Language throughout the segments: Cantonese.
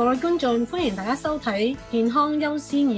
各位觀眾，歡迎大家收睇《健康優先2021》。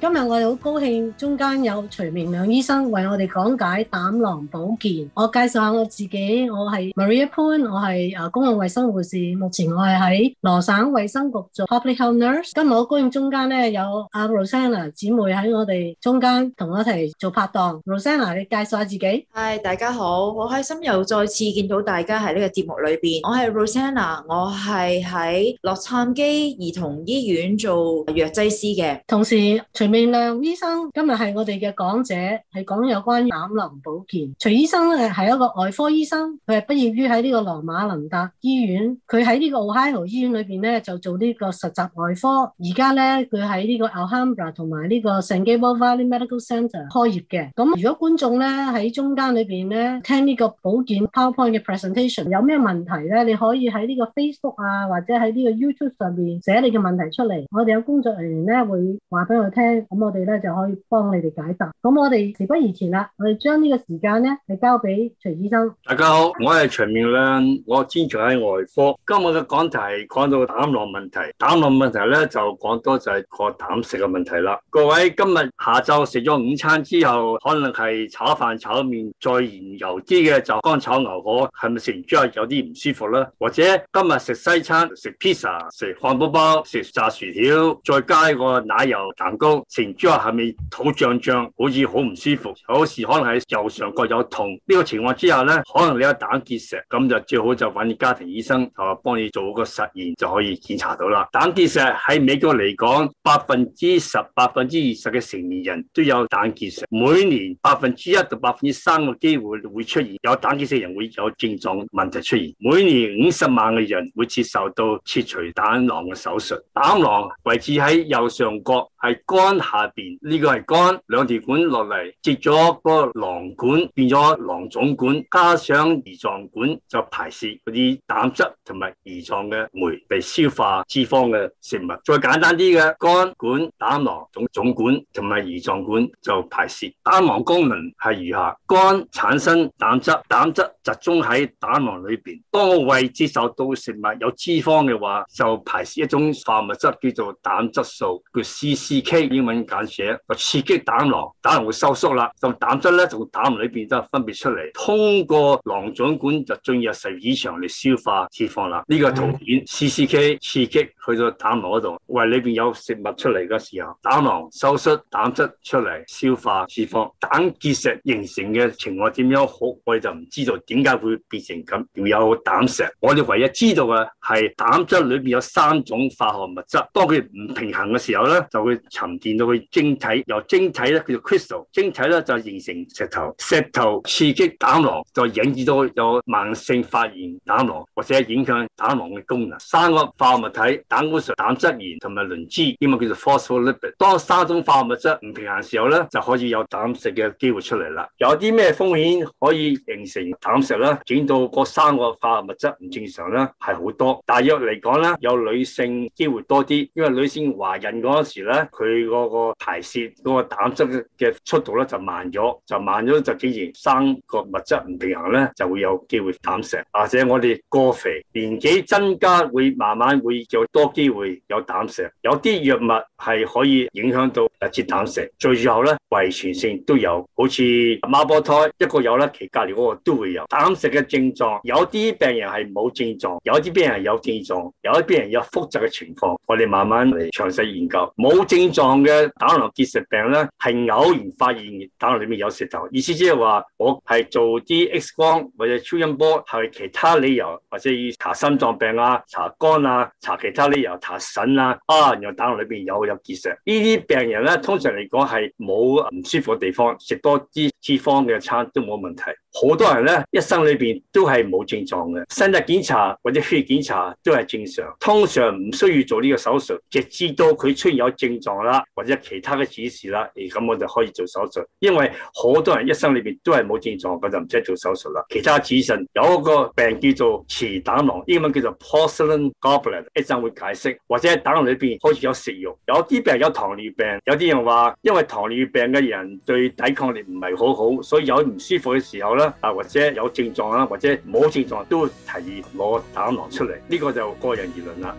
今日我哋好高興，中間有徐明亮醫生為我哋講解膽囊保健。我介紹下我自己，我係 Maria Poon，我係誒公共衞生護士，目前我係喺羅省衛生局做 Public Health Nurse。今日我高興中間咧有阿 Rosanna 姊妹喺我哋中間同我一齊做拍檔。Rosanna，你介紹下自己？係，大家好，我開心又再次見到大家喺呢個節目裏邊。我係 Rosanna，我係喺洛杉磯兒童醫院做藥劑師嘅。同時徐明亮醫生今日係我哋嘅講者，係講有關膽囊保健。徐醫生咧係一個外科醫生，佢係畢業於喺呢個羅馬林達醫院，佢喺呢個 Ohio 醫院裏邊咧就做呢個實習外科。而家咧佢喺呢個 Alhambra 同埋呢個 San Gabriel Valley Medical Center 開業嘅。咁如果觀眾咧喺中間裏邊咧聽呢個保健 PowerPoint 嘅 presentation 有咩問題咧，你可以喺呢個 Facebook 啊或者喺呢個 YouTube 上，寫你嘅問題出嚟，我哋有工作人員咧會話俾我聽，咁我哋咧就可以幫你哋解答。咁我哋事不宜遲啦，我哋將呢個時間咧係交俾徐醫生。大家好，我係徐明亮，我專長喺外科。今日嘅講題講到膽囊問題，膽囊問題咧就講多就係個膽食嘅問題啦。各位今日下晝食咗午餐之後，可能係炒飯、炒麵再然油啲嘅就乾炒牛河，係咪食完之後有啲唔舒服咧？或者今日食西餐，食 pizza 食。漢堡包食炸薯條，再加個奶油蛋糕，成豬下下面肚脹脹，好似好唔舒服。有時可能喺右上角有痛，呢、這個情況之下呢，可能你有膽結石，咁就最好就揾家庭醫生，啊幫你做個實驗就可以檢查到啦。膽結石喺美國嚟講，百分之十、百分之二十嘅成年人都有膽結石，每年百分之一到百分之三嘅機會會出現有膽結石人會有症狀問題出現，每年五十萬嘅人會接受到切除膽囊嘅手術，膽囊位置喺右上角，係肝下邊。呢個係肝，兩條管落嚟，接咗嗰個囊管，變咗囊總管，加上胰臟管就排泄嗰啲膽汁同埋胰臟嘅酶被消化脂肪嘅食物。再簡單啲嘅，肝管、膽囊總總管同埋胰臟管就排泄。膽囊功能係如下：肝產生膽汁，膽汁集中喺膽囊裏邊。當我胃接受到食物有脂肪嘅話，就係一種化物質叫做膽質素，叫 CCK 英文簡寫，就刺激膽囊，膽囊會收縮啦，就膽汁咧就膽囊裏邊都分別出嚟，通過囊總管就進入十二指腸嚟消化脂肪啦。呢個圖片 CCK 刺激去到膽囊嗰度，胃，裏邊有食物出嚟嘅時候，膽囊收縮，膽汁出嚟消化脂肪。膽結石形成嘅情況點樣好？我哋就唔知道點解會變成咁，要有膽石。我哋唯一知道嘅係膽汁裏邊有三。三種化學物質，當佢唔平衡嘅時候咧，就會沉澱到佢，晶體，由晶體咧叫做 crystal，晶體咧就形成石頭，石頭刺激膽囊，就引致到有慢性發炎膽囊，或者影響膽囊嘅功能。三個化學物體：膽固醇、膽汁鹽同埋磷脂，呢個叫做 phospholipid。當三種化學物質唔平衡時候咧，就可以有膽石嘅機會出嚟啦。有啲咩風險可以形成膽石咧？檢到嗰三個化學物質唔正常咧，係好多。大約嚟講咧，有女性機會多啲，因為女性懷孕嗰時咧，佢嗰個排泄嗰個膽汁嘅速度咧就慢咗，就慢咗就竟然生個物質唔平衡咧，就會有機會膽石。或者我哋過肥、年紀增加，會慢慢會有多機會有膽石。有啲藥物係可以影響到導致膽石。最後咧，遺傳性都有，好似孖波胎一個有咧，其隔離嗰個都會有膽石嘅症狀。有啲病人係冇症狀，有啲病人係有症狀，有啲病人有。有複雜嘅情況，我哋慢慢嚟詳細研究。冇症狀嘅膽囊結石病咧，係偶然發現膽囊裏面有石頭。意思即係話，我係做啲 X 光或者超音波，係其他理由或者要查心臟病啊、查肝啊、查其他理由查腎啊，啊，然後膽囊裏邊有有結石。呢啲病人咧，通常嚟講係冇唔舒服嘅地方，食多啲脂肪嘅餐都冇問題。好多人咧一生裏邊都係冇症狀嘅，身體檢查或者血液檢查都係正常，通。就唔需要做呢個手術，直至到佢出現有症狀啦，或者其他嘅指示啦，咁、哎、我就可以做手術。因為好多人一生裏邊都係冇症狀，我就唔使做手術啦。其他指診有一個病叫做持膽囊，英文叫做 Porcelain Gallbladder，一陣會解釋。或者膽囊裏邊開始有食肉，有啲病有糖尿病，有啲人話因為糖尿病嘅人對抵抗力唔係好好，所以有唔舒服嘅時候咧，啊或者有症狀啦，或者冇症狀都會提議攞膽囊出嚟，呢、這個就個人而論啦。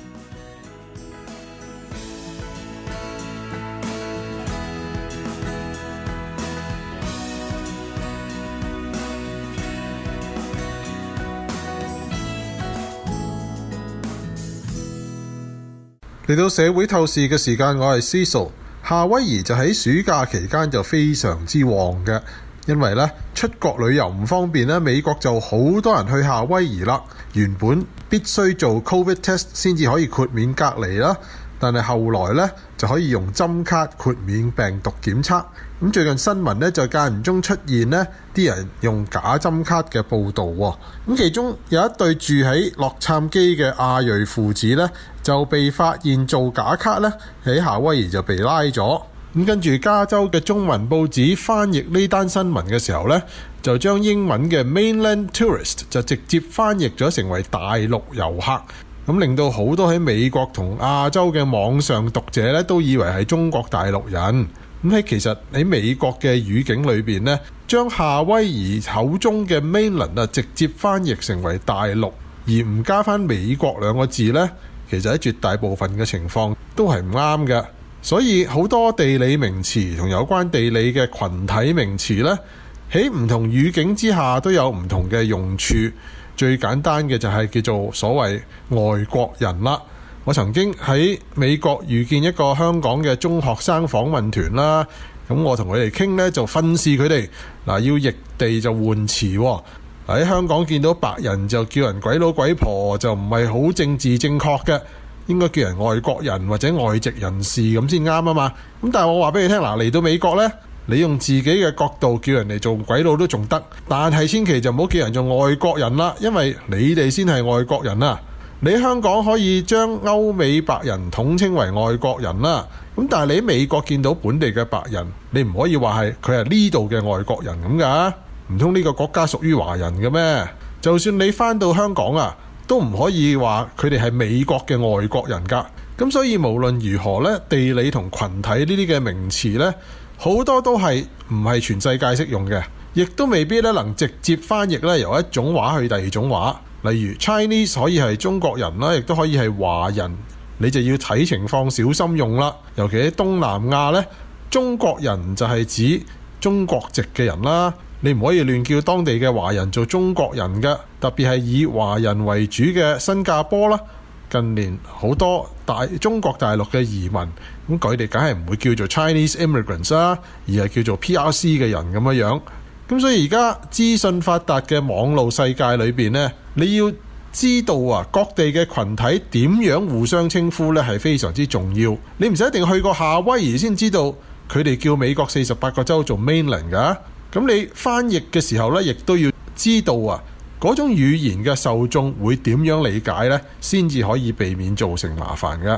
嚟到社會透視嘅時間，我係思素，夏威夷就喺暑假期間就非常之旺嘅，因為呢，出國旅遊唔方便咧，美國就好多人去夏威夷啦。原本必須做 COVID test 先至可以豁免隔離啦。但係後來咧，就可以用針卡豁免病毒檢測。咁最近新聞咧，就間唔中出現呢啲人用假針卡嘅報導喎。咁其中有一對住喺洛杉磯嘅亞裔父子咧，就被發現做假卡咧，喺夏威夷就被拉咗。咁跟住加州嘅中文報紙翻譯呢單新聞嘅時候咧，就將英文嘅 mainland tourist 就直接翻譯咗成為大陸遊客。咁令到好多喺美國同亞洲嘅網上讀者呢，都以為係中國大陸人。咁喺其實喺美國嘅語境裏邊呢，將夏威夷口中嘅 Mainland 啊直接翻譯成為大陸，而唔加返美國兩個字呢，其實喺絕大部分嘅情況都係唔啱嘅。所以好多地理名詞同有關地理嘅群體名詞呢，喺唔同語境之下都有唔同嘅用處。最簡單嘅就係叫做所謂外國人啦。我曾經喺美國遇見一個香港嘅中學生訪問團啦，咁我同佢哋傾呢，就訓示佢哋嗱，要譯地就換詞喎。喺香港見到白人就叫人鬼佬、鬼婆就唔係好政治正確嘅，應該叫人外國人或者外籍人士咁先啱啊嘛。咁但係我話俾你聽，嗱，嚟到美國呢。你用自己嘅角度叫人哋做鬼佬都仲得，但係千祈就唔好叫人做外國人啦，因為你哋先係外國人啊。你香港可以將歐美白人統稱為外國人啦，咁但係你喺美國見到本地嘅白人，你唔可以話係佢係呢度嘅外國人咁噶。唔通呢個國家屬於華人嘅咩？就算你翻到香港啊，都唔可以話佢哋係美國嘅外國人噶。咁所以無論如何咧，地理同群體呢啲嘅名詞咧，好多都係唔係全世界適用嘅，亦都未必咧能直接翻譯咧由一種話去第二種話。例如 Chinese 可以係中國人啦，亦都可以係華人，你就要睇情況小心用啦。尤其喺東南亞呢，中國人就係指中國籍嘅人啦，你唔可以亂叫當地嘅華人做中國人㗎，特別係以華人為主嘅新加坡啦。近年好多大中國大陸嘅移民，咁佢哋梗係唔會叫做 Chinese immigrants 啦、啊，而係叫做 PRC 嘅人咁樣樣。咁所以而家資訊發達嘅網路世界裏邊呢，你要知道啊，各地嘅群體點樣互相稱呼呢係非常之重要。你唔使一定去過夏威夷先知道佢哋叫美國四十八個州做 Mainland 噶、啊。咁你翻譯嘅時候呢，亦都要知道啊。嗰種語言嘅受眾會點樣理解呢？先至可以避免造成麻煩㗎。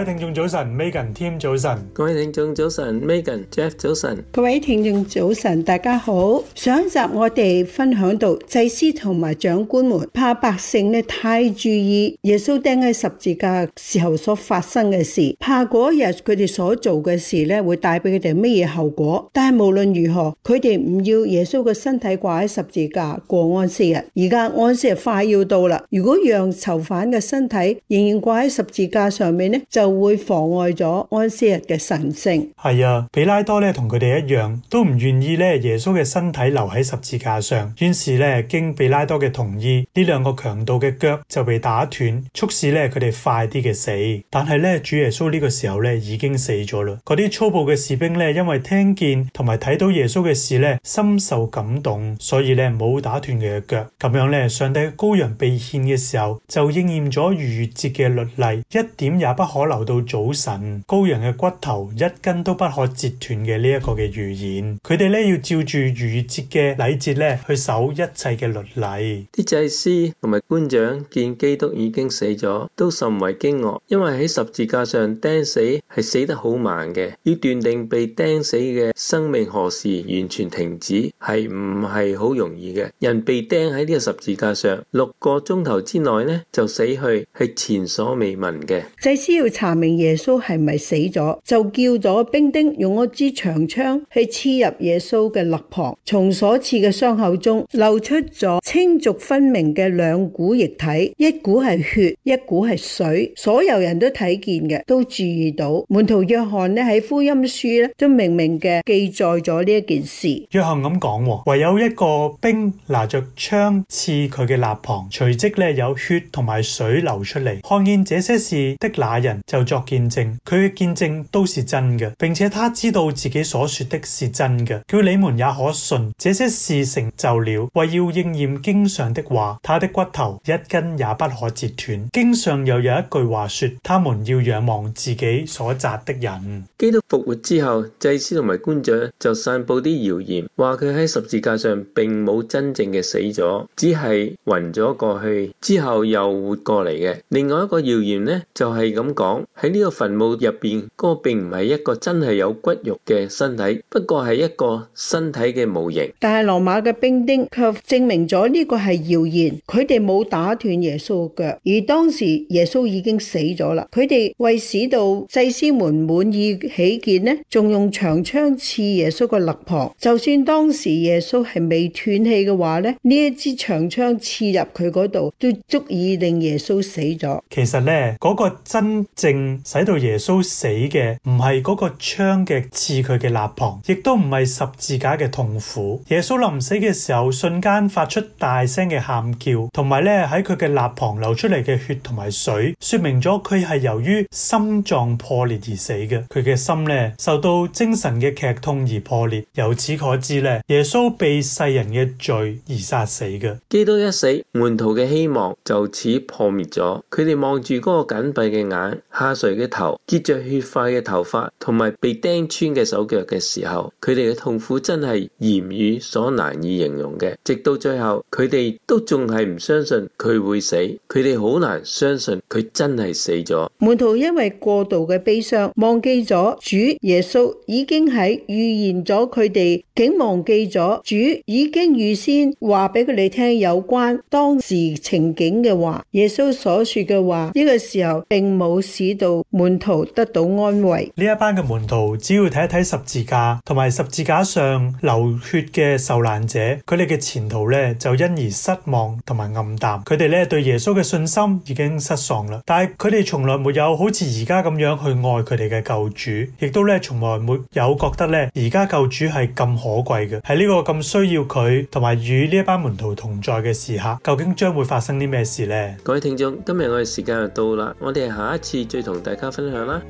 各位聽眾早晨，Megan、Tim 早晨，各位聽眾早晨，Megan、Jeff 早晨，各位聽眾早晨，大家好。上一集我哋分享到，祭司同埋長官們怕百姓咧太注意耶穌釘喺十字架時候所發生嘅事，怕嗰日佢哋所做嘅事咧會帶俾佢哋乜嘢後果。但係無論如何，佢哋唔要耶穌嘅身體掛喺十字架過安息日。而家安息日快要到啦，如果讓囚犯嘅身體仍然掛喺十字架上面咧，就就會妨礙咗安息日嘅神聖。係啊，比拉多咧同佢哋一樣，都唔願意咧耶穌嘅身體留喺十字架上。於是呢，經比拉多嘅同意，呢兩個強盜嘅腳就被打斷，促使咧佢哋快啲嘅死。但係咧主耶穌呢個時候咧已經死咗啦。嗰啲粗暴嘅士兵咧因為聽見同埋睇到耶穌嘅事咧深受感動，所以咧冇打斷佢嘅腳。咁樣咧，上帝嘅羔羊被獻嘅時候就應驗咗逾越節嘅律例，一點也不可能。到早晨，羔羊嘅骨頭一根都不可折斷嘅呢一個嘅預言，佢哋咧要照住逾節嘅禮節咧去守一切嘅律例。啲祭司同埋官長見基督已經死咗，都甚為驚愕，因為喺十字架上釘死係死得好慢嘅，要斷定被釘死嘅生命何時完全停止係唔係好容易嘅。人被釘喺呢個十字架上六個鐘頭之內呢就死去係前所未聞嘅。祭司要查明耶穌係咪死咗，就叫咗兵丁用一支長槍去刺入耶穌嘅肋旁，從所刺嘅傷口中流出咗清濁分明嘅兩股液體，一股係血，一股係水。所有人都睇見嘅，都注意到。門徒約翰呢喺福音書呢都明明嘅記載咗呢一件事。約翰咁講，唯有一個兵拿着槍刺佢嘅肋旁，隨即呢有血同埋水流出嚟。看見這些事的那人作見證，佢嘅見證都是真嘅，並且他知道自己所說的是真嘅。叫你們也可信，這些事成就了，為要應驗經上的話。他的骨頭一根也不可折斷。經上又有一句話說：他們要仰望自己所扎的人。基督復活之後，祭司同埋官長就散布啲謠言，話佢喺十字架上並冇真正嘅死咗，只係暈咗過去之後又活過嚟嘅。另外一個謠言呢，就係咁講。喺呢個墳墓入邊，嗰、那個、並唔係一個真係有骨肉嘅身體，不過係一個身體嘅模型。但係羅馬嘅兵丁卻證明咗呢個係謠言，佢哋冇打斷耶穌嘅腳，而當時耶穌已經死咗啦。佢哋為使到祭司們滿意起見呢，仲用長槍刺耶穌嘅肋旁。就算當時耶穌係未斷氣嘅話呢，呢一支長槍刺入佢嗰度都足以令耶穌死咗。其實呢，嗰、那個真正。令使到耶穌死嘅唔係嗰個槍嘅刺佢嘅肋旁，亦都唔係十字架嘅痛苦。耶穌臨死嘅時候，瞬間發出大聲嘅喊叫，同埋咧喺佢嘅肋旁流出嚟嘅血同埋水，說明咗佢係由於心臟破裂而死嘅。佢嘅心咧受到精神嘅劇痛而破裂。由此可知咧，耶穌被世人嘅罪而殺死嘅。基督一死，門徒嘅希望就此破滅咗。佢哋望住嗰個緊閉嘅眼。下垂嘅頭、結着血塊嘅頭髮，同埋被釘穿嘅手腳嘅時候，佢哋嘅痛苦真係言語所難以形容嘅。直到最後，佢哋都仲係唔相信佢會死，佢哋好難相信佢真係死咗。門徒因為過度嘅悲傷，忘記咗主耶穌已經喺預言咗佢哋，竟忘記咗主已經預先話俾佢哋聽有關當時情景嘅話。耶穌所說嘅話，呢個時候並冇事。喺度門徒得到安慰。呢一班嘅門徒，只要睇一睇十字架同埋十字架上流血嘅受難者，佢哋嘅前途咧就因而失望同埋暗淡。佢哋咧對耶穌嘅信心已經失喪啦。但係佢哋從來沒有好似而家咁樣去愛佢哋嘅救主，亦都咧從來沒有覺得咧而家救主係咁可貴嘅。喺呢個咁需要佢同埋與呢一班門徒同在嘅時刻，究竟將會發生啲咩事呢？各位聽眾，今日我哋時間就到啦，我哋下一次再。同大家分享啦。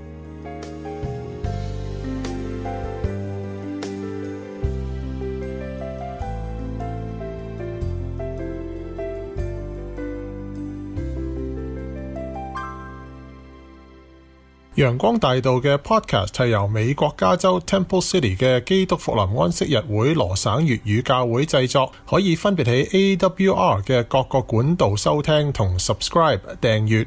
陽光大道嘅 Podcast 係由美國加州 Temple City 嘅基督復臨安息日會羅省粵語教會製作，可以分別喺 AWR 嘅各個管道收聽同 subscribe 訂閱。訂閱